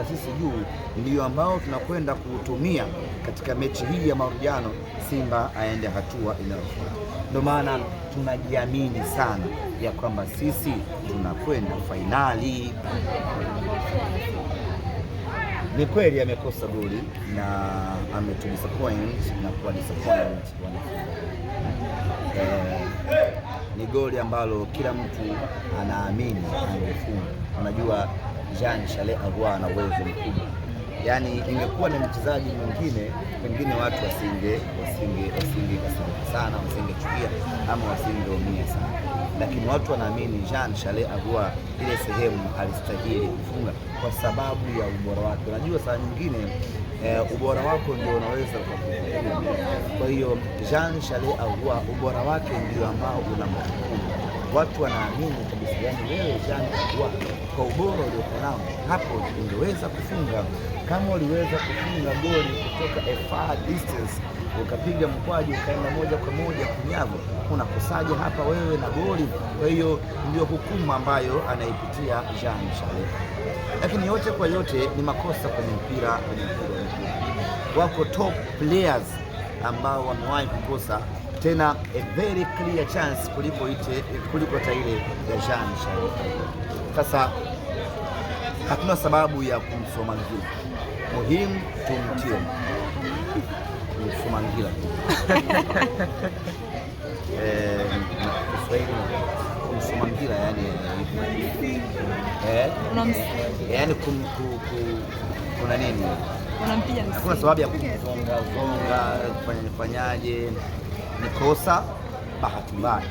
na sisi juu, ndiyo ambao tunakwenda kuutumia katika mechi hii ya marudiano, Simba aende hatua inayofuata. Ndio maana tunajiamini sana ya kwamba sisi tunakwenda fainali. Ni kweli amekosa goli na ametudisappoint na kuwa disappointment eh, ni goli ambalo kila mtu anaamini angefunga, unajua Jean Charles Ahoua ana uwezo mkubwa, yaani ingekuwa ni mchezaji mwingine pengine watu wasinge wasinge wasinge kasirika sana, wasingechukia ama wasingeumia sana, lakini watu wanaamini Jean Charles Ahoua ile sehemu alistahili kufunga kwa sababu ya ubora wake. Unajua saa nyingine Uh, ubora wako ndio unaweza kwa hiyo Jean Charles Ahoua ubora wake ndio ambao unamhukumu watu wanaamini kabisa, yani wewe jana kwa ubora uliokuwa nao hapo ungeweza kufunga. Kama uliweza kufunga goli kutoka a far distance, ukapiga mkwaju ukaenda moja kwa moja kunyavu, unakosaje hapa wewe na goli? Kwa hiyo ndio hukumu ambayo anaipitia Jean Charles, lakini yote kwa yote ni makosa kwenye mpira, kwenye mpira wako top players ambao wamewahi kukosa tena a very clear chance kuliko ite kuliko taile ya Jean Charles. Sasa hatuna sababu ya kumsoma ngila, muhimu tumtie kumsoma ngila eh, Kiswahili kumsoma ngila yani eh, yani kum, ku, ku, kuna nini kuna sababu ya kuzongazonga kufanyaje, ni kosa bahati mbaya.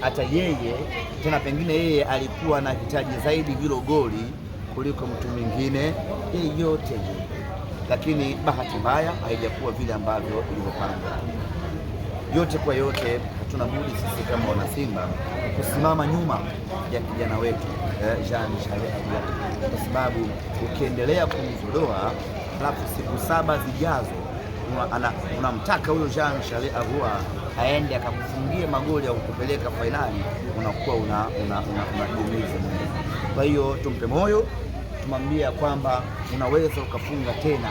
Hata yeye tena, pengine yeye alikuwa na hitaji zaidi hilo goli kuliko mtu mwingine yeyote, lakini bahati mbaya haijakuwa vile ambavyo ilivyopangwa. Yote kwa yote, hatuna budi sisi kama wanasimba kusimama nyuma ya kijana wetu eh, Jean Charles Ahoua, kwa sababu ukiendelea kumzodoa alafu siku saba zijazo unamtaka huyo Jean Charles Ahoua aende akakufungie magoli ya kukupeleka fainali, unakuwa una una, mwenyewe. Kwa hiyo tumpe moyo, tumwambia kwamba unaweza ukafunga tena.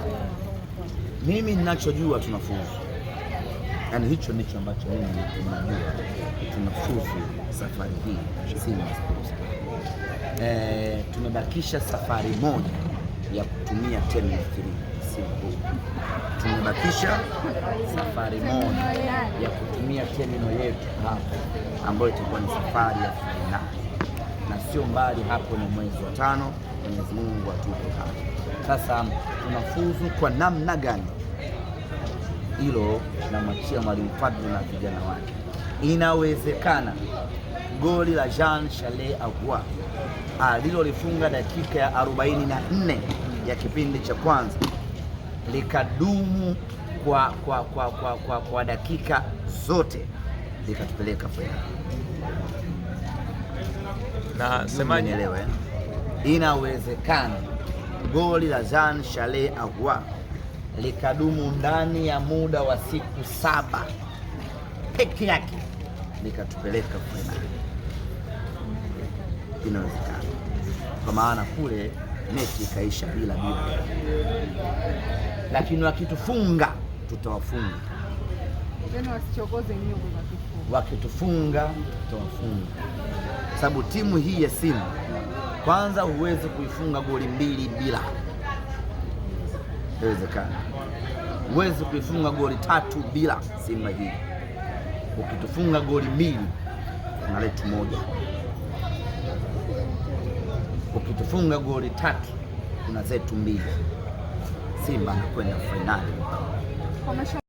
Mimi ninachojua tunafuzu, yaani hicho ndicho ambacho mimi ninajua, tunafuzu safari hii Simba Sports. E, eh, tumebakisha safari moja ya kutumia terminal 3 tumebakisha safari moja ya kutumia terminal yetu hapo, ambayo itakuwa ni safari ya fainali, na sio mbali hapo, ni mwezi wa tano. Mwenyezi Mungu atupe hapo. Sasa tunafuzu kwa namna gani? Hilo namwachia mwalimu Fadlu na vijana wake. Inawezekana goli la Jean Charles Ahoua alilolifunga ah, dakika ya 44 ya kipindi cha kwanza likadumu kwa, kwa, kwa, kwa, kwa, kwa dakika zote likatupeleka fainali. Na semaje, inawezekana goli la Zan Shale Ahua likadumu ndani ya muda wa siku saba peke yake likatupeleka fainali. Inawezekana, kwa maana kule mechi ikaisha bila bila, lakini wakitufunga tutawafunga, wakitufunga tutawafunga, kwa sababu timu hii ya Simba kwanza huwezi kuifunga goli mbili bila, haiwezekani. Huwezi kuifunga goli tatu bila Simba hii. Ukitufunga goli mbili kuna letu moja, ukitufunga goli tatu kuna zetu mbili. Simba anakwenda fainali.